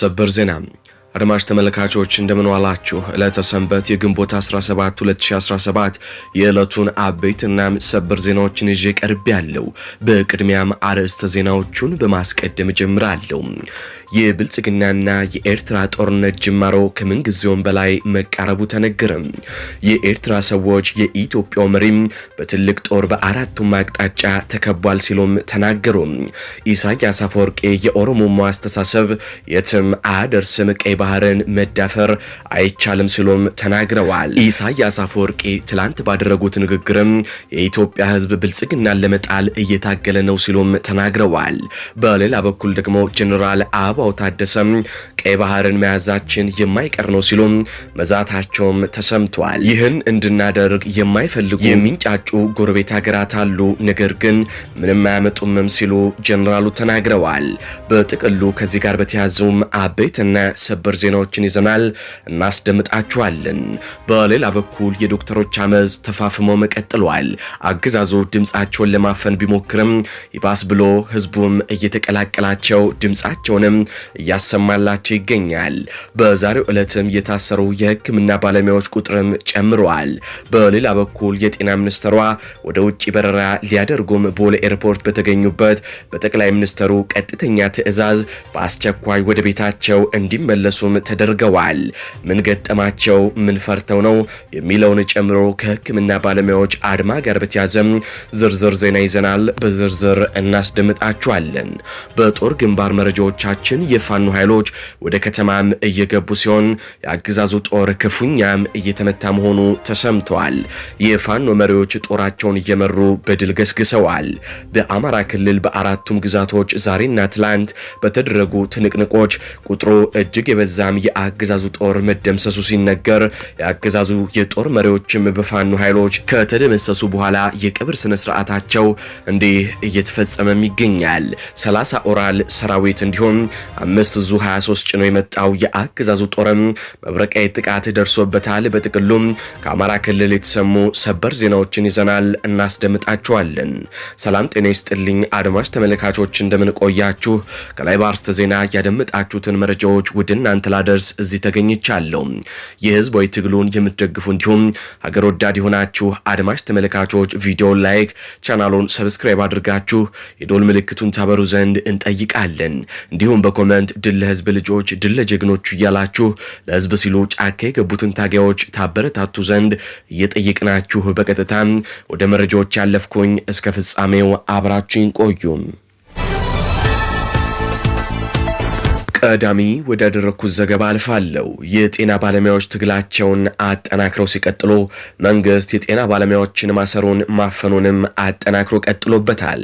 ሰበር ዜና አድማጭ ተመልካቾች እንደምን ዋላችሁ። ዕለተ ሰንበት የግንቦት 17 2017 የዕለቱን አበይት እናም ሰበር ዜናዎችን ይዤ ያለው። በቅድሚያም አርዕስተ ዜናዎቹን በማስቀደም እጀምራለሁ። የብልጽግናና የኤርትራ ጦርነት ጅማሮ ጊዜውም በላይ መቃረቡ ተነገረ። የኤርትራ ሰዎች የኢትዮጵያው መሪም በትልቅ ጦር በአራቱም አቅጣጫ ተከቧል ሲሉም ተናገሩ። ኢሳያስ አፈወርቄ የኦሮሞማ አስተሳሰብ የትም አያደርስም ቀይ ባህርን መዳፈር አይቻልም ሲሉም ተናግረዋል። ኢሳያስ አፈወርቂ ትላንት ባደረጉት ንግግርም የኢትዮጵያ ህዝብ ብልጽግናን ለመጣል እየታገለ ነው ሲሉም ተናግረዋል። በሌላ በኩል ደግሞ ጀኔራል አበባው ታደሰም ቀይ ባህርን መያዛችን የማይቀር ነው ሲሉም መዛታቸውም ተሰምቷል። ይህን እንድናደርግ የማይፈልጉ የሚንጫጩ ጎረቤት ሀገራት አሉ፣ ነገር ግን ምንም አያመጡምም ሲሉ ጀኔራሉ ተናግረዋል። በጥቅሉ ከዚህ ጋር በተያዙም አበይትና ሰበር ዝርዝር ዜናዎችን ይዘናል እናስደምጣችኋለን። በሌላ በኩል የዶክተሮች አመፅ ተፋፍሞ መቀጥሏል። አገዛዙ ድምፃቸውን ለማፈን ቢሞክርም ይባስ ብሎ ህዝቡም እየተቀላቀላቸው ድምፃቸውንም እያሰማላቸው ይገኛል። በዛሬው ዕለትም የታሰሩ የህክምና ባለሙያዎች ቁጥርም ጨምረዋል። በሌላ በኩል የጤና ሚኒስትሯ ወደ ውጭ በረራ ሊያደርጉም ቦሌ ኤርፖርት በተገኙበት በጠቅላይ ሚኒስትሩ ቀጥተኛ ትዕዛዝ በአስቸኳይ ወደ ቤታቸው እንዲመለሱ እንዲደርሱም ተደርገዋል። ምን ገጠማቸው? ምን ፈርተው ነው የሚለውን ጨምሮ ከህክምና ባለሙያዎች አድማ ጋር በተያዘም ዝርዝር ዜና ይዘናል። በዝርዝር እናስደምጣችኋለን። በጦር ግንባር መረጃዎቻችን የፋኑ ኃይሎች ወደ ከተማም እየገቡ ሲሆን የአገዛዙ ጦር ክፉኛም እየተመታ መሆኑ ተሰምተዋል። የፋኖ መሪዎች ጦራቸውን እየመሩ በድል ገስግሰዋል። በአማራ ክልል በአራቱም ግዛቶች ዛሬና ትላንት በተደረጉ ትንቅንቆች ቁጥሩ እጅግ የበ በዛም የአገዛዙ ጦር መደምሰሱ ሲነገር የአገዛዙ የጦር መሪዎችም በፋኖ ኃይሎች ከተደመሰሱ በኋላ የቀብር ስነ ስርዓታቸው እንዲህ እየተፈጸመም ይገኛል። 30 ኦራል ሰራዊት እንዲሁም አምስት ዙ 23 ጭኖ የመጣው የአገዛዙ ጦርም መብረቃዊ ጥቃት ደርሶበታል። በጥቅሉም ከአማራ ክልል የተሰሙ ሰበር ዜናዎችን ይዘናል፣ እናስደምጣችኋለን። ሰላም ጤና ይስጥልኝ አድማጭ ተመልካቾች እንደምንቆያችሁ ከላይ በአርስተ ዜና ያደመጣችሁትን መረጃዎች ውድና እናንተ ላደርስ እዚህ ተገኝቻለሁ። የህዝባዊ ትግሉን የምትደግፉ እንዲሁም ሀገር ወዳድ የሆናችሁ አድማጭ ተመልካቾች ቪዲዮን ላይክ፣ ቻናሉን ሰብስክራይብ አድርጋችሁ የዶል ምልክቱን ታበሩ ዘንድ እንጠይቃለን። እንዲሁም በኮመንት ድል ለህዝብ ልጆች፣ ድል ለጀግኖቹ እያላችሁ ለህዝብ ሲሉ ጫካ የገቡትን ታጋዮች ታበረታቱ ዘንድ እየጠየቅናችሁ በቀጥታ ወደ መረጃዎች ያለፍኩኝ፣ እስከ ፍጻሜው አብራችሁን ቆዩም። ቀዳሚ ወዳደረግኩት ዘገባ አልፋለሁ። የጤና ባለሙያዎች ትግላቸውን አጠናክረው ሲቀጥሉ መንግስት የጤና ባለሙያዎችን ማሰሩን ማፈኑንም አጠናክሮ ቀጥሎበታል።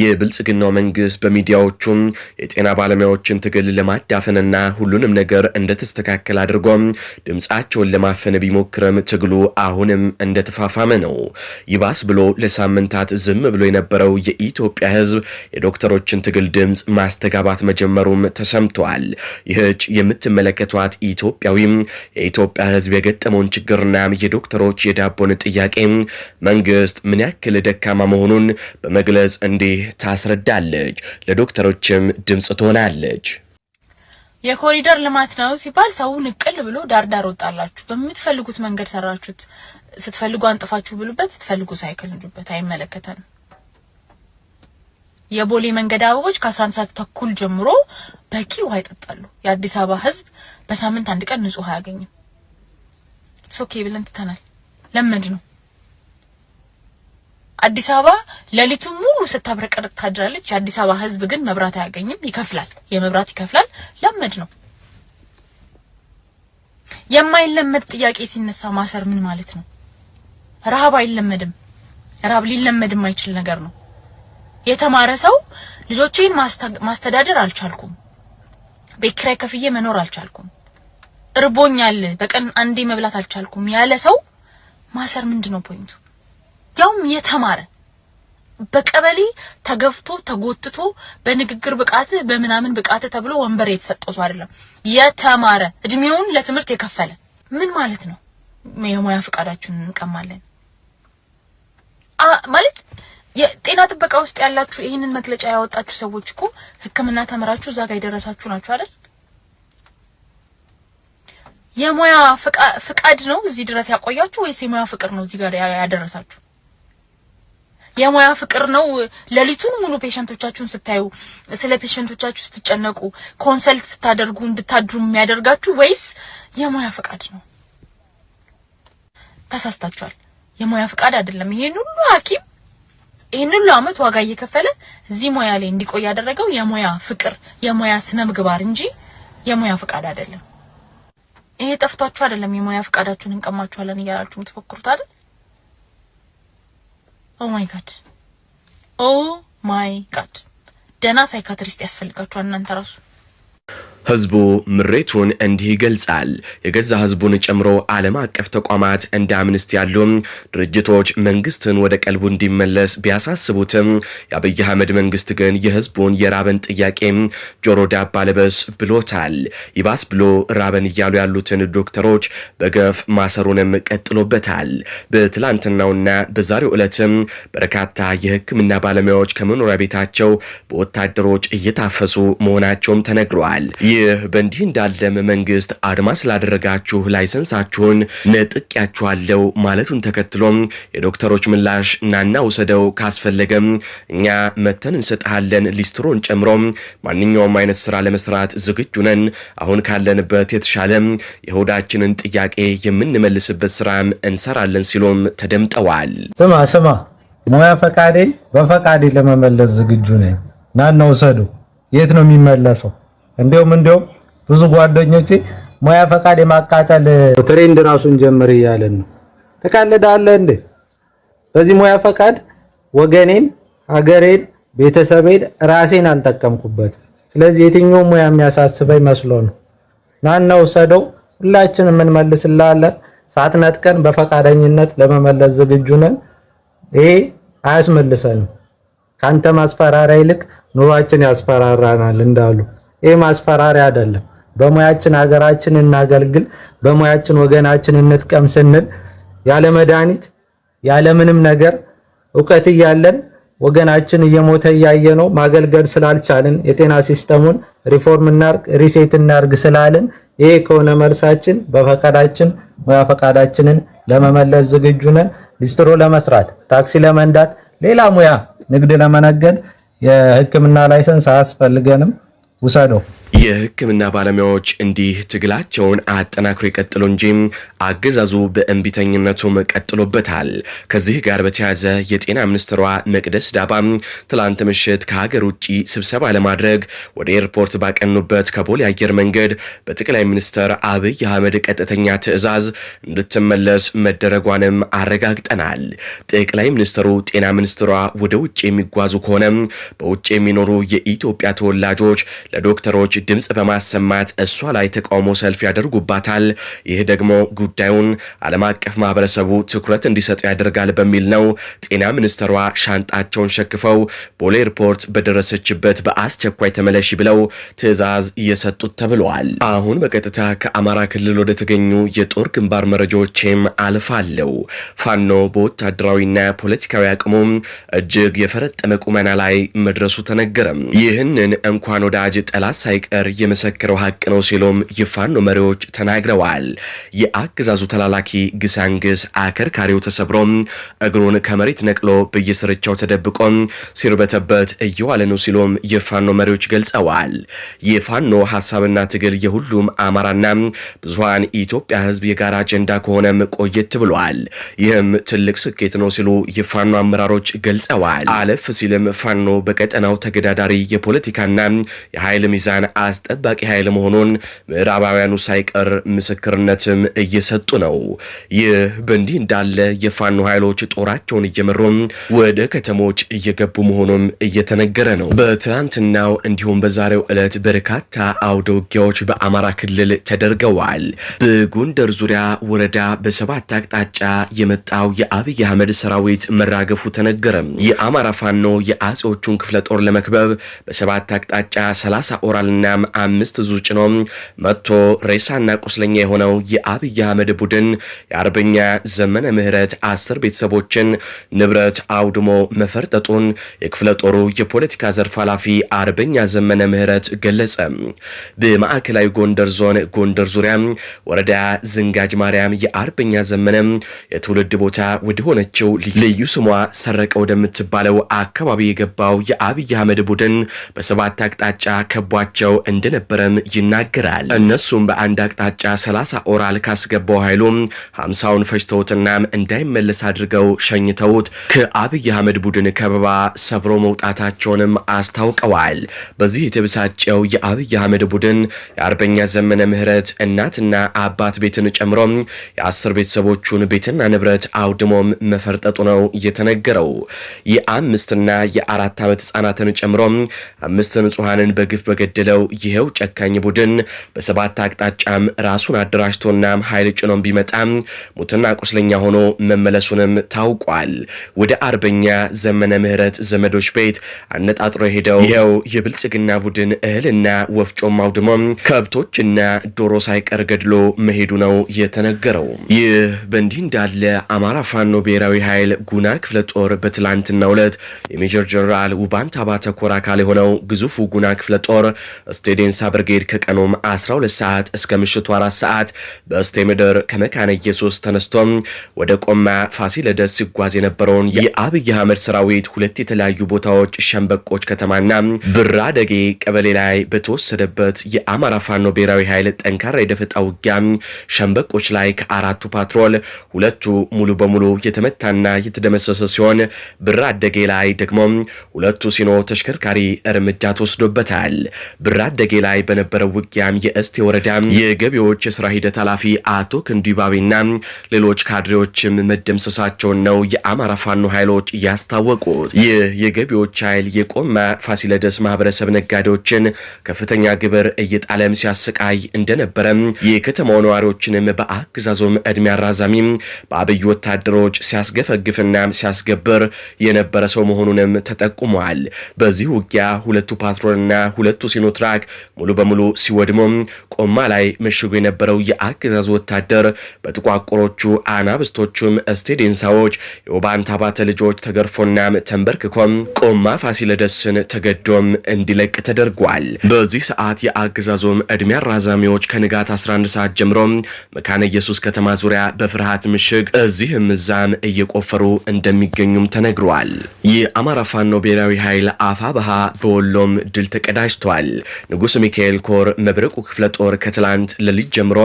የብልጽግናው መንግስት በሚዲያዎቹም የጤና ባለሙያዎችን ትግል ለማዳፈንና ሁሉንም ነገር እንደተስተካከል አድርጎም ድምፃቸውን ለማፈን ቢሞክርም ትግሉ አሁንም እንደተፋፋመ ነው። ይባስ ብሎ ለሳምንታት ዝም ብሎ የነበረው የኢትዮጵያ ህዝብ የዶክተሮችን ትግል ድምፅ ማስተጋባት መጀመሩም ተሰምቷል። ተናግረዋል። ይህች የምትመለከቷት ኢትዮጵያዊም የኢትዮጵያ ህዝብ የገጠመውን ችግርና የዶክተሮች የዳቦን ጥያቄ መንግስት ምን ያክል ደካማ መሆኑን በመግለጽ እንዲህ ታስረዳለች። ለዶክተሮችም ድምፅ ትሆናለች። የኮሪደር ልማት ነው ሲባል ሰው ንቅል ብሎ ዳርዳር ወጣላችሁ፣ በምትፈልጉት መንገድ ሰራችሁት፣ ስትፈልጉ አንጥፋችሁ ብሉበት፣ ስትፈልጉ ሳይክል እንጁበት፣ አይመለከተንም። የቦሌ መንገድ አበቦች ከ11 ሰዓት ተኩል ጀምሮ በቂ ውሃ ይጠጣሉ። የአዲስ አበባ ህዝብ በሳምንት አንድ ቀን ንጹህ ውሃ አያገኝም። ሶኬ ብለን ትተናል። ለመድ ነው። አዲስ አበባ ሌሊቱን ሙሉ ስታብረቀርቅ ታድራለች። የአዲስ አበባ ህዝብ ግን መብራት አያገኝም። ይከፍላል፣ የመብራት ይከፍላል። ለመድ ነው። የማይለመድ ጥያቄ ሲነሳ ማሰር ምን ማለት ነው? ረሃብ አይለመድም። ረሃብ ሊለመድም አይችል ነገር ነው። የተማረ ሰው ልጆቼን ማስተዳደር አልቻልኩም፣ ቤት ኪራይ ከፍዬ መኖር አልቻልኩም፣ እርቦኛል፣ በቀን አንዴ መብላት አልቻልኩም ያለ ሰው ማሰር ምንድን ነው ፖይንቱ? ያውም የተማረ በቀበሌ ተገፍቶ ተጎትቶ በንግግር ብቃት በምናምን ብቃት ተብሎ ወንበር የተሰጠው ሰው አይደለም። የተማረ እድሜውን ለትምህርት የከፈለ ምን ማለት ነው? የሙያ ፈቃዳችሁን እንቀማለን ማለት የጤና ጥበቃ ውስጥ ያላችሁ ይህንን መግለጫ ያወጣችሁ ሰዎች እኮ ሕክምና ተምራችሁ እዛ ጋር የደረሳችሁ ናችሁ አይደል? የሙያ ፍቃድ ነው እዚህ ድረስ ያቆያችሁ ወይስ የሙያ ፍቅር ነው እዚህ ጋር ያደረሳችሁ? የሙያ ፍቅር ነው ሌሊቱን ሙሉ ፔሸንቶቻችሁን ስታዩ፣ ስለ ፔሸንቶቻችሁ ስትጨነቁ፣ ኮንሰልት ስታደርጉ እንድታድሩ የሚያደርጋችሁ ወይስ የሙያ ፍቃድ ነው? ተሳስታችኋል። የሙያ ፍቃድ አይደለም። ይሄን ሁሉ ሐኪም ይህን ሁሉ አመት ዋጋ እየከፈለ እዚህ ሙያ ላይ እንዲቆይ ያደረገው የሙያ ፍቅር፣ የሙያ ስነ ምግባር እንጂ የሙያ ፍቃድ አይደለም። ይሄ ጠፍቷችሁ አይደለም የሙያ ፍቃዳችሁን እንቀማችኋለን እያላችሁ የምትፎክሩት አይደል? ኦ ማይ ጋድ፣ ኦ ማይ ጋድ። ደና ሳይካትሪስት ያስፈልጋችኋል እናንተ ራሱ ህዝቡ ምሬቱን እንዲህ ይገልጻል። የገዛ ህዝቡን ጨምሮ ዓለም አቀፍ ተቋማት እንደ አምንስት ያሉ ድርጅቶች መንግስትን ወደ ቀልቡ እንዲመለስ ቢያሳስቡትም የአብይ አህመድ መንግስት ግን የህዝቡን የራበን ጥያቄ ጆሮ ዳባ ልበስ ብሎታል። ይባስ ብሎ ራበን እያሉ ያሉትን ዶክተሮች በገፍ ማሰሩንም ቀጥሎበታል። በትላንትናውና በዛሬው ዕለትም በርካታ የህክምና ባለሙያዎች ከመኖሪያ ቤታቸው በወታደሮች እየታፈሱ መሆናቸውም ተነግረዋል። ይህ በእንዲህ እንዳለም መንግስት አድማ ስላደረጋችሁ ላይሰንሳችሁን ነጥቄያችኋለሁ ማለቱን ተከትሎም የዶክተሮች ምላሽ ናና ውሰደው ካስፈለገም እኛ መተን እንሰጥሃለን ሊስትሮን ጨምሮ ማንኛውም አይነት ስራ ለመስራት ዝግጁ ነን። አሁን ካለንበት የተሻለ የሆዳችንን ጥያቄ የምንመልስበት ስራም እንሰራለን ሲሉም ተደምጠዋል። ስማ ስማ፣ ሙያ ፈቃዴ በፈቃዴ ለመመለስ ዝግጁ ነኝ። ናና ውሰዱ። የት ነው የሚመለሰው? እንደውም እንዲሁም ብዙ ጓደኞቼ ሙያ ፈቃድ የማቃጠል ትሬንድ ራሱን ጀምር እያለን ነው። ትቀልዳለህ እንዴ? በዚህ ሙያ ፈቃድ ወገኔን፣ ሀገሬን፣ ቤተሰቤን ራሴን አልጠቀምኩበትም። ስለዚህ የትኛው ሙያ የሚያሳስበኝ መስሎ ነው? ናና ውሰደው፣ ሁላችን የምንመልስልሃለን። ሳትነጥቀን በፈቃደኝነት ለመመለስ ዝግጁ ነን። ይሄ አያስመልሰንም። ከአንተ ማስፈራሪያ ይልቅ ኑሯችን ያስፈራራናል እንዳሉ ይህ ማስፈራሪያ አይደለም። በሙያችን ሀገራችን እናገልግል፣ በሙያችን ወገናችን እንጥቀም ስንል ያለ መድኃኒት ያለ ምንም ነገር እውቀት እያለን ወገናችን እየሞተ እያየ ነው ማገልገል ስላልቻልን የጤና ሲስተሙን ሪፎርም እናርግ ሪሴት እናርግ ስላልን ይሄ ከሆነ መልሳችን በፈቃዳችን ሙያ ፈቃዳችንን ለመመለስ ዝግጁ ነን። ሊስትሮ ለመስራት፣ ታክሲ ለመንዳት፣ ሌላ ሙያ ንግድ ለመነገድ የህክምና ላይሰንስ አያስፈልገንም። ውሰደው። የህክምና ባለሙያዎች እንዲህ ትግላቸውን አጠናክሮ ይቀጥሉ እንጂ አገዛዙ በእንቢተኝነቱም ቀጥሎበታል። ከዚህ ጋር በተያያዘ የጤና ሚኒስትሯ መቅደስ ዳባ ትላንት ምሽት ከሀገር ውጭ ስብሰባ ለማድረግ ወደ ኤርፖርት ባቀኑበት ከቦሌ አየር መንገድ በጠቅላይ ሚኒስትር አብይ አህመድ ቀጥተኛ ትዕዛዝ እንድትመለስ መደረጓንም አረጋግጠናል። ጠቅላይ ሚኒስትሩ ጤና ሚኒስትሯ ወደ ውጭ የሚጓዙ ከሆነ በውጭ የሚኖሩ የኢትዮጵያ ተወላጆች ለዶክተሮች ድምፅ በማሰማት እሷ ላይ ተቃውሞ ሰልፍ ያደርጉባታል። ይህ ደግሞ ጉዳዩን ዓለም አቀፍ ማህበረሰቡ ትኩረት እንዲሰጥ ያደርጋል በሚል ነው ጤና ሚኒስትሯ ሻንጣቸውን ሸክፈው ቦሌ ኤርፖርት በደረሰችበት በአስቸኳይ ተመለሺ ብለው ትዕዛዝ እየሰጡት ተብለዋል። አሁን በቀጥታ ከአማራ ክልል ወደ ተገኙ የጦር ግንባር መረጃዎችም አልፋለሁ። ፋኖ በወታደራዊና ፖለቲካዊ አቅሙም እጅግ የፈረጠመ ቁመና ላይ መድረሱ ተነገረም። ይህንን እንኳን ወዳጅ ጠላት ሳይቀ በቀር የመሰከረው ሀቅ ነው ሲሉም የፋኖ መሪዎች ተናግረዋል። የአገዛዙ ተላላኪ ግሳንግስ አከርካሪው ተሰብሮ እግሩን ከመሬት ነቅሎ በየስርቻው ተደብቆ ሲርበተበት እየዋለ ነው ሲሉም የፋኖ መሪዎች ገልጸዋል። የፋኖ ሀሳብና ትግል የሁሉም አማራና ብዙሀን ኢትዮጵያ ህዝብ የጋራ አጀንዳ ከሆነም ቆየት ብሏል። ይህም ትልቅ ስኬት ነው ሲሉ የፋኖ አመራሮች ገልጸዋል። አለፍ ሲልም ፋኖ በቀጠናው ተገዳዳሪ የፖለቲካና የኃይል ሚዛን አስጠባቂ ኃይል መሆኑን ምዕራባውያኑ ሳይቀር ምስክርነትም እየሰጡ ነው። ይህ በእንዲህ እንዳለ የፋኖ ኃይሎች ጦራቸውን እየመሩ ወደ ከተሞች እየገቡ መሆኑም እየተነገረ ነው። በትናንትናው እንዲሁም በዛሬው ዕለት በርካታ አውደ ውጊያዎች በአማራ ክልል ተደርገዋል። በጎንደር ዙሪያ ወረዳ በሰባት አቅጣጫ የመጣው የአብይ አህመድ ሰራዊት መራገፉ ተነገረ። የአማራ ፋኖ የአጼዎቹን ክፍለ ጦር ለመክበብ በሰባት አቅጣጫ 30 ኦራልና እናም አምስት ዙ ጭኖ መጥቶ ሬሳና ቁስለኛ የሆነው የአብይ አህመድ ቡድን የአርበኛ ዘመነ ምህረት አስር ቤተሰቦችን ንብረት አውድሞ መፈርጠጡን የክፍለ ጦሩ የፖለቲካ ዘርፍ ኃላፊ አርበኛ ዘመነ ምህረት ገለጸ። በማዕከላዊ ጎንደር ዞን ጎንደር ዙሪያ ወረዳ ዝንጋጅ ማርያም የአርበኛ ዘመነ የትውልድ ቦታ ወደሆነችው ልዩ ስሟ ሰረቀ ወደምትባለው አካባቢ የገባው የአብይ አህመድ ቡድን በሰባት አቅጣጫ ከቧቸው እንደነበረም ይናገራል። እነሱም በአንድ አቅጣጫ 30 ኦራል ካስገባው ኃይሉ 50ውን ፈጅተውትና እንዳይመለስ አድርገው ሸኝተውት ከአብይ አህመድ ቡድን ከበባ ሰብሮ መውጣታቸውንም አስታውቀዋል። በዚህ የተበሳጨው የአብይ አህመድ ቡድን የአርበኛ ዘመነ ምህረት እናትና አባት ቤትን ጨምሮ የአስር ቤተሰቦቹን ቤትና ንብረት አውድሞም መፈርጠጡ ነው የተነገረው። የአምስትና የአራት ዓመት ህጻናትን ጨምሮ አምስት ንጹሐንን በግፍ በገደለው ያለው ይኸው ጨካኝ ቡድን በሰባት አቅጣጫም ራሱን አደራጅቶና ኃይል ጭኖም ቢመጣም ሙትና ቁስለኛ ሆኖ መመለሱንም ታውቋል። ወደ አርበኛ ዘመነ ምህረት ዘመዶች ቤት አነጣጥሮ ሄደው ይኸው የብልጽግና ቡድን እህልና ወፍጮም አውድሞም ከብቶችና ዶሮ ሳይቀር ገድሎ መሄዱ ነው የተነገረው። ይህ በእንዲህ እንዳለ አማራ ፋኖ ብሔራዊ ኃይል ጉና ክፍለ ጦር በትላንትናው ዕለት የሜጀር ጀነራል ውባንታ ባተ ኮር አካል የሆነው ግዙፉ ጉና ክፍለ ጦር ስቴዴንሳ ብርጌድ ከቀኑም 12 ሰዓት እስከ ምሽቱ 4 ሰዓት በስቴ ምድር ከመካነ ኢየሱስ ተነስቶም ወደ ቆማ ፋሲለደስ ሲጓዝ የነበረውን የአብይ አህመድ ሰራዊት ሁለት የተለያዩ ቦታዎች ሸንበቆች ከተማና ደጌ ቀበሌ ላይ በተወሰደበት የአማራ ፋኖ ብሔራዊ ኃይል ጠንካራ የደፈጣ ውጊያ ሸንበቆች ላይ ከአራቱ ፓትሮል ሁለቱ ሙሉ በሙሉ የተመታና የተደመሰሰ ሲሆን ደጌ ላይ ደግሞ ሁለቱ ሲኖ ተሽከርካሪ እርምጃ ተወስዶበታል። በላደጌ ላይ በነበረው ውጊያም የእስቴ ወረዳ የገቢዎች የስራ ሂደት ኃላፊ አቶ ክንዱ ሌሎች ካድሬዎችም መደምሰሳቸውን ነው የአማራ ፋኖ ኃይሎች ያስታወቁት። ይህ የገቢዎች ኃይል የቆማ ፋሲለደስ ማህበረሰብ ነጋዴዎችን ከፍተኛ ግብር እየጣለም ሲያሰቃይ እንደነበረም የከተማው ነዋሪዎችንም በአገዛዞም እድሜ አራዛሚም በአብይ ወታደሮች ሲያስገፈግፍና ሲያስገብር የነበረ ሰው መሆኑንም ተጠቁሟል። በዚህ ውጊያ ሁለቱ ፓትሮልና ሁለቱ ሲኖትራ ምራቅ ሙሉ በሙሉ ሲወድሞም ቆማ ላይ መሽጎ የነበረው የአገዛዙ ወታደር በጥቋቁሮቹ አናብስቶቹም ስቴዲንሳዎች የውባንታ ባተ ልጆች ተገርፎና ተንበርክኮም ቆማ ፋሲለደስን ተገዶም እንዲለቅ ተደርጓል። በዚህ ሰዓት የአገዛዙም ዕድሜ አራዛሚዎች ከንጋት 11 ሰዓት ጀምሮ መካነ ኢየሱስ ከተማ ዙሪያ በፍርሃት ምሽግ እዚህም እዛም እየቆፈሩ እንደሚገኙም ተነግሯል። የአማራ ፋኖ ብሔራዊ ኃይል አፋ በሃ በወሎም ድል ተቀዳጅቷል። ንጉስ ሚካኤል ኮር መብረቁ ክፍለ ጦር ከትላንት ለሊት ጀምሮ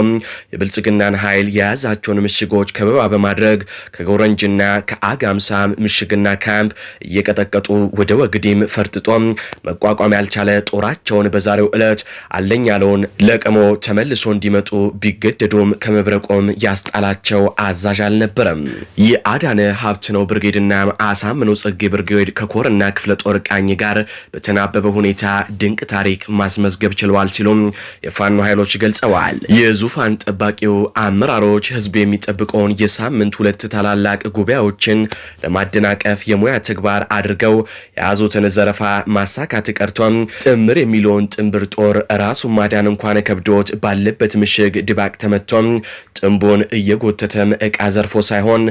የብልጽግናን ኃይል የያዛቸውን ምሽጎች ከበባ በማድረግ ከጎረንጅና ከአጋምሳ ምሽግና ካምፕ እየቀጠቀጡ ወደ ወግዲም ፈርጥጦ መቋቋም ያልቻለ ጦራቸውን በዛሬው ዕለት አለኝ ያለውን ለቅሞ ተመልሶ እንዲመጡ ቢገደዱም ከመብረቆም ያስጣላቸው አዛዥ አልነበረም። የአዳነ ሀብት ነው ብርጌድና አሳምነው ጽጌ ብርጌድ ከኮርና ክፍለ ጦር ቃኝ ጋር በተናበበ ሁኔታ ድንቅ ታሪክ ማስመዝገብ ችለዋል ሲሉም የፋኖ ኃይሎች ገልጸዋል። የዙፋን ጠባቂው አመራሮች ህዝብ የሚጠብቀውን የሳምንት ሁለት ታላላቅ ጉባኤዎችን ለማደናቀፍ የሙያ ተግባር አድርገው የያዙትን ዘረፋ ማሳካት ቀርቶም ጥምር የሚለውን ጥምብር ጦር ራሱን ማዳን እንኳን ከብዶት ባለበት ምሽግ ድባቅ ተመቶም ጥንቡን እየጎተተም እቃ ዘርፎ ሳይሆን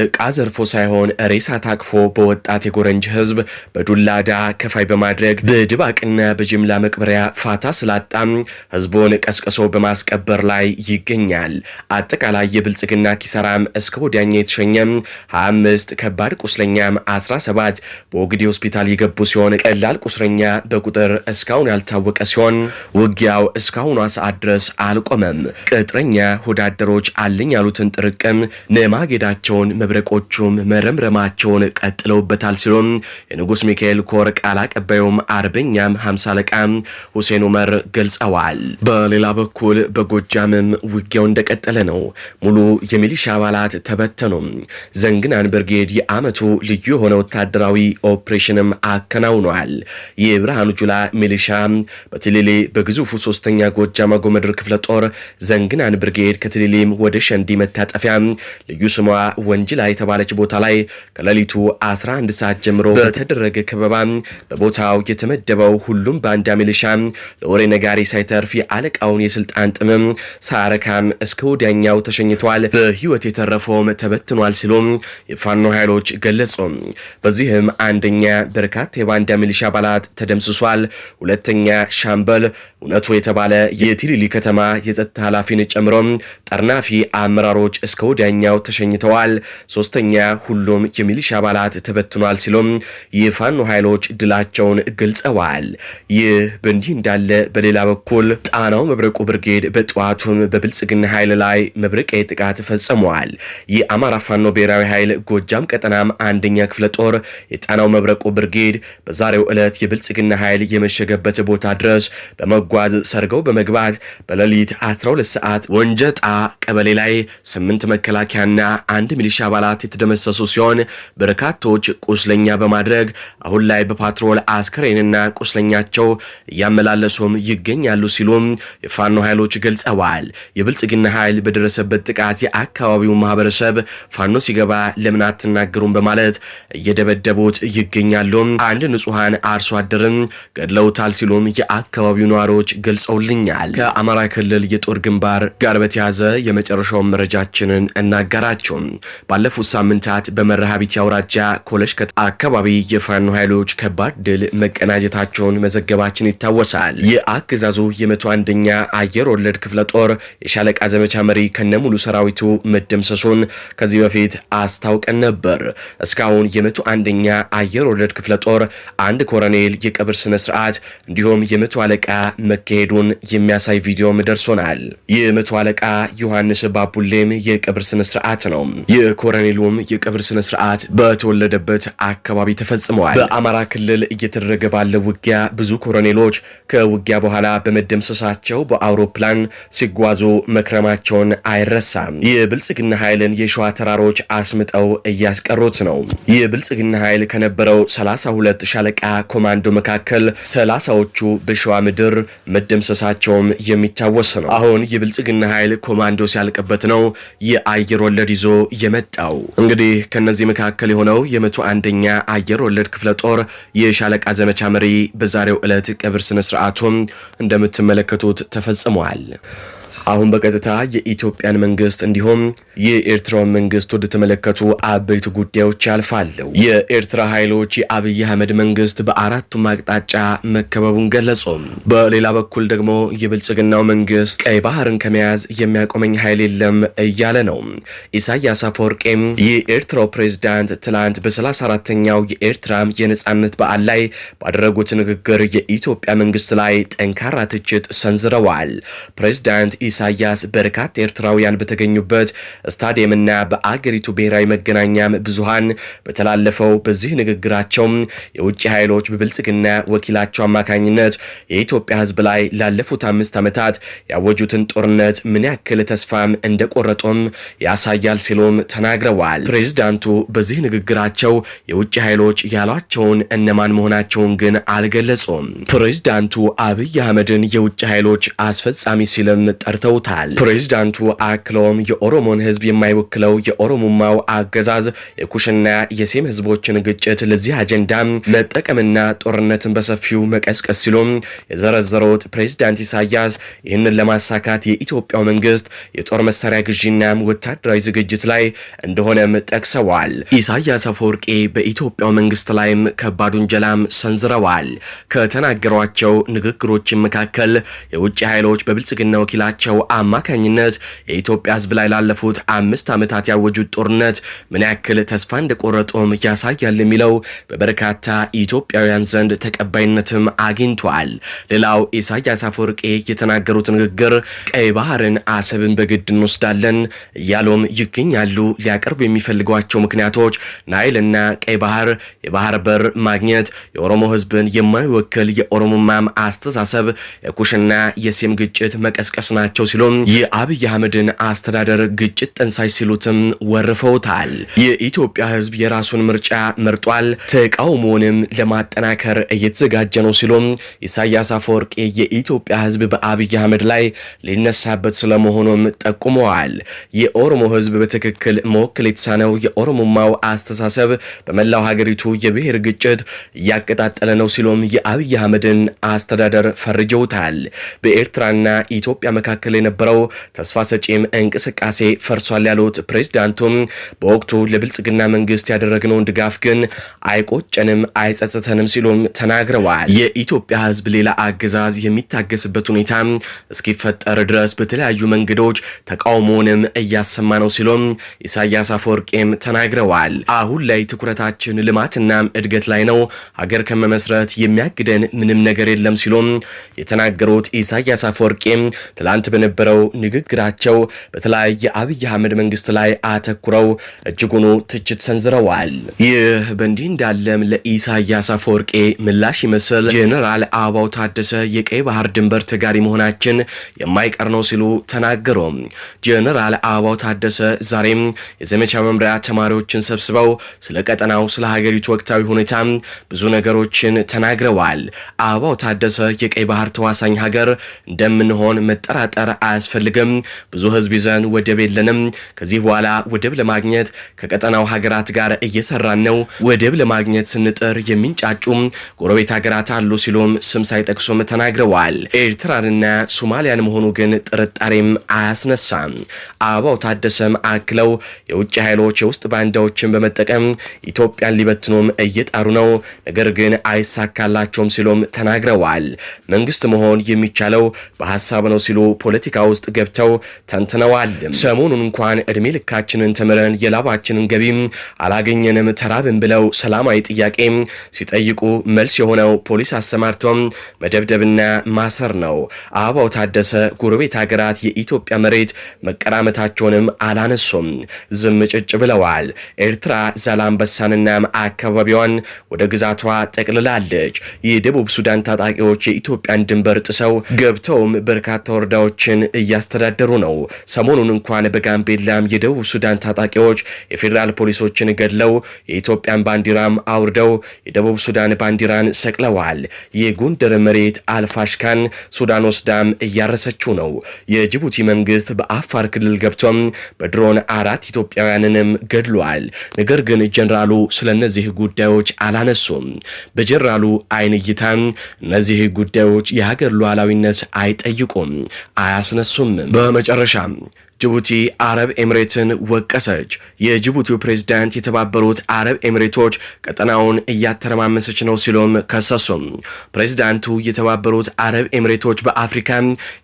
እቃ ዘርፎ ሳይሆን ሬሳ ታቅፎ በወጣት የጎረንጅ ህዝብ በዱላዳ ከፋይ በማድረግ በድባቅና በጅምላ መቅበሪያ ፋታ ስላጣም ህዝቡን ቀስቅሶ በማስቀበር ላይ ይገኛል። አጠቃላይ የብልጽግና ኪሰራም እስከ ወዲያኛ የተሸኘም አምስት ከባድ ቁስለኛም 17 በወግዴ ሆስፒታል የገቡ ሲሆን ቀላል ቁስለኛ በቁጥር እስካሁን ያልታወቀ ሲሆን ውጊያው እስካሁኗ ሰዓት ድረስ አልቆመም። ቅጥረኛ ወዳደሮች አለኝ ያሉትን ጥርቅም ነማጌዳቸውን መብረቆቹም መረምረማቸውን ቀጥለውበታል ሲሉም የንጉስ ሚካኤል ኮር ቃል አቀባዩም አርበኛም ሀምሳ አለቃ ሁሴን ኡመር ገልጸዋል። በሌላ በኩል በጎጃምም ውጊያው እንደቀጠለ ነው። ሙሉ የሚሊሻ አባላት ተበተኑ። ዘንግናን ብርጌድ የአመቱ ልዩ የሆነ ወታደራዊ ኦፕሬሽንም አከናውኗል። የብርሃኑ ጁላ ሚሊሻ በትልሌ በግዙፉ ሶስተኛ ጎጃም አጎመድር ክፍለ ጦር ዘንግናን ብርጌድ ከትልሌም ወደ ሸንዲ መታጠፊያ ልዩ ስሟ ወንጅላ የተባለች ቦታ ላይ ከሌሊቱ 11 ሰዓት ጀምሮ በተደረገ ከበባ በቦታው የተመደበው ሁሉም ባንዳ ሚሊሻ ለወሬ ነጋሪ ሳይተርፍ የአለቃውን የስልጣን ጥምም ሳረካም እስከ ወዲያኛው ተሸኝቷል፣ በህይወት የተረፈውም ተበትኗል ሲሉም የፋኖ ኃይሎች ገለጹ። በዚህም አንደኛ በርካታ የባንዳ ሚሊሻ አባላት ተደምስሷል። ሁለተኛ ሻምበል እውነቱ የተባለ የቲሊሊ ከተማ የጸጥታ ኃላፊን ጨምሮ ጠርናፊ አመራሮች እስከ ወዲያኛው ተሸኝተዋል። ሶስተኛ ሁሉም የሚሊሻ አባላት ተበትኗል ሲሉም የፋኖ ኃይሎች ድላቸውን ገልጸዋል። ይህ በእንዲህ እንዳለ በሌላ በኩል ጣናው መብረቁ ብርጌድ በጠዋቱም በብልጽግና ኃይል ላይ መብረቃዊ ጥቃት ፈጽመዋል። የአማራ ፋኖ ብሔራዊ ኃይል ጎጃም ቀጠናም አንደኛ ክፍለ ጦር የጣናው መብረቁ ብርጌድ በዛሬው ዕለት የብልጽግና ኃይል የመሸገበት ቦታ ድረስ በመጓዝ ሰርገው በመግባት በሌሊት 12 ሰዓት ወንጀጣ ቀበሌ ላይ ስምንት መከላከያና አንድ ሚሊሻ አባላት የተደመሰሱ ሲሆን በርካቶች ቁስለኛ በማድረግ አሁን ላይ በፓትሮል አስከሬንና ቁስለኛቸው እያመ እየተመላለሱም ይገኛሉ ሲሉም የፋኖ ኃይሎች ገልጸዋል። የብልጽግና ኃይል በደረሰበት ጥቃት የአካባቢው ማህበረሰብ ፋኖ ሲገባ ለምን አትናገሩም በማለት እየደበደቡት ይገኛሉ። አንድ ንጹሐን አርሶ አደርም ገድለውታል ሲሉም የአካባቢው ነዋሪዎች ገልጸውልኛል። ከአማራ ክልል የጦር ግንባር ጋር በተያዘ የመጨረሻውን መረጃችንን እናጋራቸው። ባለፉት ሳምንታት በመርሃቢት አውራጃ ኮለሽ አካባቢ የፋኖ ኃይሎች ከባድ ድል መቀናጀታቸውን መዘገባችን ይታወሳል። ይታወሳል። የአገዛዙ የመቶ አንደኛ አየር ወለድ ክፍለ ጦር የሻለቃ ዘመቻ መሪ ከነሙሉ ሰራዊቱ መደምሰሱን ከዚህ በፊት አስታውቀን ነበር። እስካሁን የመቶ አንደኛ አየር ወለድ ክፍለ ጦር አንድ ኮረኔል የቀብር ስነ ስርዓት እንዲሁም የመቶ አለቃ መካሄዱን የሚያሳይ ቪዲዮም ደርሶናል። የመቶ አለቃ ዮሐንስ ባቡሌም የቀብር ስነ ስርዓት ነው። የኮረኔሉም የቀብር ስነ ስርዓት በተወለደበት አካባቢ ተፈጽመዋል። በአማራ ክልል እየተደረገ ባለ ውጊያ ብዙ ኮረኔሎች ከውጊያ በኋላ በመደምሰሳቸው በአውሮፕላን ሲጓዙ መክረማቸውን አይረሳም። የብልጽግና ኃይልን የሸዋ ተራሮች አስምጠው እያስቀሩት ነው። የብልጽግና ኃይል ከነበረው 32 ሻለቃ ኮማንዶ መካከል ሰላሳዎቹ በሸዋ ምድር መደምሰሳቸውም የሚታወስ ነው። አሁን የብልጽግና ኃይል ኮማንዶ ሲያልቅበት ነው የአየር ወለድ ይዞ የመጣው። እንግዲህ ከነዚህ መካከል የሆነው የመቶ አንደኛ አየር ወለድ ክፍለ ጦር የሻለቃ ዘመቻ መሪ በዛሬው ዕለት ቀብር ስነ ስርዓቱም እንደምትመለከቱት ተፈጽመዋል። አሁን በቀጥታ የኢትዮጵያን መንግስት እንዲሁም የኤርትራውን መንግስት ወደ ተመለከቱ አበይት ጉዳዮች ያልፋለሁ። የኤርትራ ኃይሎች የአብይ አህመድ መንግስት በአራቱም አቅጣጫ መከበቡን ገለጹ። በሌላ በኩል ደግሞ የብልጽግናው መንግስት ቀይ ባህርን ከመያዝ የሚያቆመኝ ኃይል የለም እያለ ነው። ኢሳያስ አፈወርቄም የኤርትራው ፕሬዝዳንት ትላንት በ34ተኛው የኤርትራ የነጻነት በዓል ላይ ባደረጉት ንግግር የኢትዮጵያ መንግስት ላይ ጠንካራ ትችት ሰንዝረዋል። ፕሬዚዳንት ኢሳያስ በርካታ ኤርትራውያን በተገኙበት ስታዲየምና በአገሪቱ ብሔራዊ መገናኛም ብዙሃን በተላለፈው በዚህ ንግግራቸው የውጭ ኃይሎች በብልጽግና ወኪላቸው አማካኝነት የኢትዮጵያ ሕዝብ ላይ ላለፉት አምስት ዓመታት ያወጁትን ጦርነት ምን ያክል ተስፋም እንደቆረጡም ያሳያል ሲሉም ተናግረዋል። ፕሬዚዳንቱ በዚህ ንግግራቸው የውጭ ኃይሎች ያሏቸውን እነማን መሆናቸውን ግን አልገለጹም። ፕሬዚዳንቱ አብይ አህመድን የውጭ ኃይሎች አስፈጻሚ ሲልም ጠርተ አስረድተውታል። ፕሬዚዳንቱ አክለውም የኦሮሞን ህዝብ የማይወክለው የኦሮሞማው አገዛዝ የኩሽና የሴም ህዝቦችን ግጭት ለዚህ አጀንዳ መጠቀምና ጦርነትን በሰፊው መቀስቀስ ሲሉም የዘረዘሩት ፕሬዚዳንት ኢሳያስ ይህንን ለማሳካት የኢትዮጵያው መንግስት የጦር መሳሪያ ግዢና ወታደራዊ ዝግጅት ላይ እንደሆነም ጠቅሰዋል። ኢሳያስ አፈወርቄ በኢትዮጵያው መንግስት ላይም ከባድ ውንጀላም ሰንዝረዋል። ከተናገሯቸው ንግግሮችን መካከል የውጭ ኃይሎች በብልጽግና ወኪላቸው በመምራታቸው አማካኝነት የኢትዮጵያ ህዝብ ላይ ላለፉት አምስት ዓመታት ያወጁት ጦርነት ምን ያክል ተስፋ እንደቆረጦም ያሳያል የሚለው በበርካታ ኢትዮጵያውያን ዘንድ ተቀባይነትም አግኝቷል። ሌላው ኢሳያስ አፈወርቄ የተናገሩት ንግግር ቀይ ባህርን አሰብን በግድ እንወስዳለን እያሉም ይገኛሉ። ሊያቀርቡ የሚፈልጓቸው ምክንያቶች ናይልና ቀይ ባህር፣ የባህር በር ማግኘት፣ የኦሮሞ ህዝብን የማይወክል የኦሮሞማም አስተሳሰብ፣ የኩሽና የሴም ግጭት መቀስቀስ ናቸው ናቸው ሲሉም የአብይ አህመድን አስተዳደር ግጭት ጠንሳይ ሲሉትም ወርፈውታል። የኢትዮጵያ ህዝብ የራሱን ምርጫ መርጧል፣ ተቃውሞንም ለማጠናከር እየተዘጋጀ ነው ሲሉም ኢሳያስ አፈወርቄ የኢትዮጵያ ህዝብ በአብይ አህመድ ላይ ሊነሳበት ስለመሆኑም ጠቁመዋል። የኦሮሞ ህዝብ በትክክል መወክል የተሳነው የኦሮሞማው አስተሳሰብ በመላው ሀገሪቱ የብሔር ግጭት እያቀጣጠለ ነው ሲሉም የአብይ አህመድን አስተዳደር ፈርጀውታል። በኤርትራና ኢትዮጵያ መካከል ሲያስተካክል የነበረው ተስፋ ሰጪም እንቅስቃሴ ፈርሷል ያሉት ፕሬዚዳንቱም በወቅቱ ለብልጽግና መንግስት ያደረግነውን ድጋፍ ግን አይቆጨንም፣ አይጸጽተንም ሲሉም ተናግረዋል። የኢትዮጵያ ህዝብ ሌላ አገዛዝ የሚታገስበት ሁኔታ እስኪፈጠር ድረስ በተለያዩ መንገዶች ተቃውሞንም እያሰማ ነው ሲሉም ኢሳያስ አፈወርቄም ተናግረዋል። አሁን ላይ ትኩረታችን ልማትና እድገት ላይ ነው፣ ሀገር ከመመስረት የሚያግደን ምንም ነገር የለም ሲሉም የተናገሩት ኢሳያስ አፈወርቄም ትላንት በነበረው ንግግራቸው በተለያየ አብይ አህመድ መንግስት ላይ አተኩረው እጅጉኑ ትችት ሰንዝረዋል። ይህ በእንዲህ እንዳለም ለኢሳያስ አፈወርቄ ምላሽ ይመስል ጄኔራል አበባው ታደሰ የቀይ ባህር ድንበር ተጋሪ መሆናችን የማይቀር ነው ሲሉ ተናገሩ። ጄኔራል አበባው ታደሰ ዛሬም የዘመቻ መምሪያ ተማሪዎችን ሰብስበው ስለ ቀጠናው፣ ስለ ሀገሪቱ ወቅታዊ ሁኔታ ብዙ ነገሮችን ተናግረዋል። አበባው ታደሰ የቀይ ባህር ተዋሳኝ ሀገር እንደምንሆን መጠራጠር መፍጠር አያስፈልግም። ብዙ ህዝብ ይዘን ወደብ የለንም። ከዚህ በኋላ ወደብ ለማግኘት ከቀጠናው ሀገራት ጋር እየሰራን ነው። ወደብ ለማግኘት ስንጥር የሚንጫጩም ጎረቤት ሀገራት አሉ ሲሉም ስም ሳይጠቅሱም ተናግረዋል። ኤርትራንና ሶማሊያን መሆኑ ግን ጥርጣሬም አያስነሳም። አበባው ታደሰም አክለው የውጭ ኃይሎች የውስጥ ባንዳዎችን በመጠቀም ኢትዮጵያን ሊበትኑም እየጣሩ ነው፣ ነገር ግን አይሳካላቸውም ሲሉም ተናግረዋል። መንግስት መሆን የሚቻለው በሀሳብ ነው ሲሉ ፖለቲካ ውስጥ ገብተው ተንትነዋል። ሰሞኑን እንኳን እድሜ ልካችንን ተምረን የላባችንን ገቢም አላገኘንም ተራብን ብለው ሰላማዊ ጥያቄ ሲጠይቁ መልስ የሆነው ፖሊስ አሰማርቶም መደብደብና ማሰር ነው። አበባው ታደሰ ጎረቤት ሀገራት የኢትዮጵያ መሬት መቀራመታቸውንም አላነሱም፣ ዝም ጭጭ ብለዋል። ኤርትራ ዛላምበሳንና አካባቢዋን ወደ ግዛቷ ጠቅልላለች። የደቡብ ሱዳን ታጣቂዎች የኢትዮጵያን ድንበር ጥሰው ገብተውም በርካታ ወረዳዎች ሀገሮችን እያስተዳደሩ ነው። ሰሞኑን እንኳን በጋምቤላም የደቡብ ሱዳን ታጣቂዎች የፌዴራል ፖሊሶችን ገድለው የኢትዮጵያን ባንዲራም አውርደው የደቡብ ሱዳን ባንዲራን ሰቅለዋል። የጎንደር መሬት አልፋሽካን ሱዳን ወስዳም እያረሰችው ነው። የጅቡቲ መንግስት በአፋር ክልል ገብቶም በድሮን አራት ኢትዮጵያውያንንም ገድሏል። ነገር ግን ጀኔራሉ ስለነዚህ ጉዳዮች አላነሱም። በጀኔራሉ አይን እይታ እነዚህ ጉዳዮች የሀገር ሉዓላዊነት አይጠይቁም፣ አያስነሱም። በመጨረሻ ጅቡቲ አረብ ኤምሬትን ወቀሰች። የጅቡቲው ፕሬዝዳንት የተባበሩት አረብ ኤምሬቶች ቀጠናውን እያተረማመሰች ነው ሲሉም ከሰሱም። ፕሬዝዳንቱ የተባበሩት አረብ ኤምሬቶች በአፍሪካ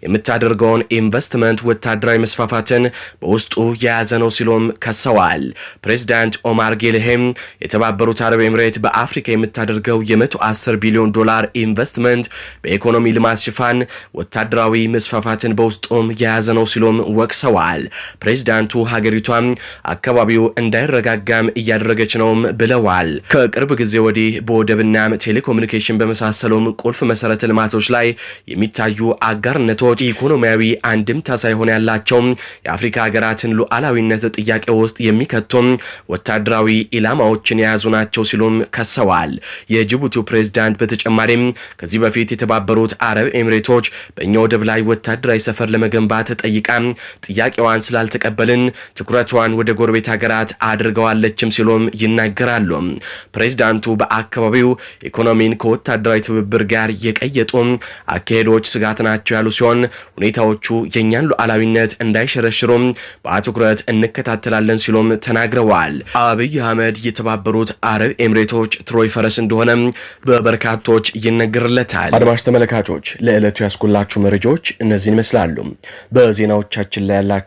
የምታደርገውን ኢንቨስትመንት ወታደራዊ መስፋፋትን በውስጡ የያዘ ነው ሲሉም ከሰዋል። ፕሬዝዳንት ኦማር ጌልሄም የተባበሩት አረብ ኤምሬት በአፍሪካ የምታደርገው የ110 ቢሊዮን ዶላር ኢንቨስትመንት በኢኮኖሚ ልማት ሽፋን ወታደራዊ መስፋፋትን በውስጡም የያዘ ነው ሲሉም ወቅሰዋል። ብለዋል። ፕሬዚዳንቱ ሀገሪቷም አካባቢው እንዳይረጋጋም እያደረገች ነውም ብለዋል። ከቅርብ ጊዜ ወዲህ በወደብና ቴሌኮሙኒኬሽን በመሳሰሉም ቁልፍ መሰረተ ልማቶች ላይ የሚታዩ አጋርነቶች ኢኮኖሚያዊ አንድምታ ሳይሆን ያላቸው የአፍሪካ ሀገራትን ሉዓላዊነት ጥያቄ ውስጥ የሚከቱም ወታደራዊ ኢላማዎችን የያዙ ናቸው ሲሉም ከሰዋል። የጅቡቲው ፕሬዝዳንት በተጨማሪም ከዚህ በፊት የተባበሩት አረብ ኤሚሬቶች በእኛ ወደብ ላይ ወታደራዊ ሰፈር ለመገንባት ጠይቃ ጥያቄ ጥያቄዋን ስላልተቀበልን ትኩረቷን ወደ ጎረቤት ሀገራት አድርገዋለችም ሲሉም ይናገራሉ። ፕሬዚዳንቱ በአካባቢው ኢኮኖሚን ከወታደራዊ ትብብር ጋር የቀየጡ አካሄዶች ስጋት ናቸው ያሉ ሲሆን ሁኔታዎቹ የእኛን ሉዓላዊነት እንዳይሸረሽሩም በአትኩረት እንከታተላለን ሲሉም ተናግረዋል። አብይ አህመድ የተባበሩት አረብ ኤምሬቶች ትሮይ ፈረስ እንደሆነ በበርካቶች ይነገርለታል። አድማጭ ተመልካቾች ለዕለቱ ያስኩላችሁ መረጃዎች እነዚህን ይመስላሉ። በዜናዎቻችን ላይ ያላችሁ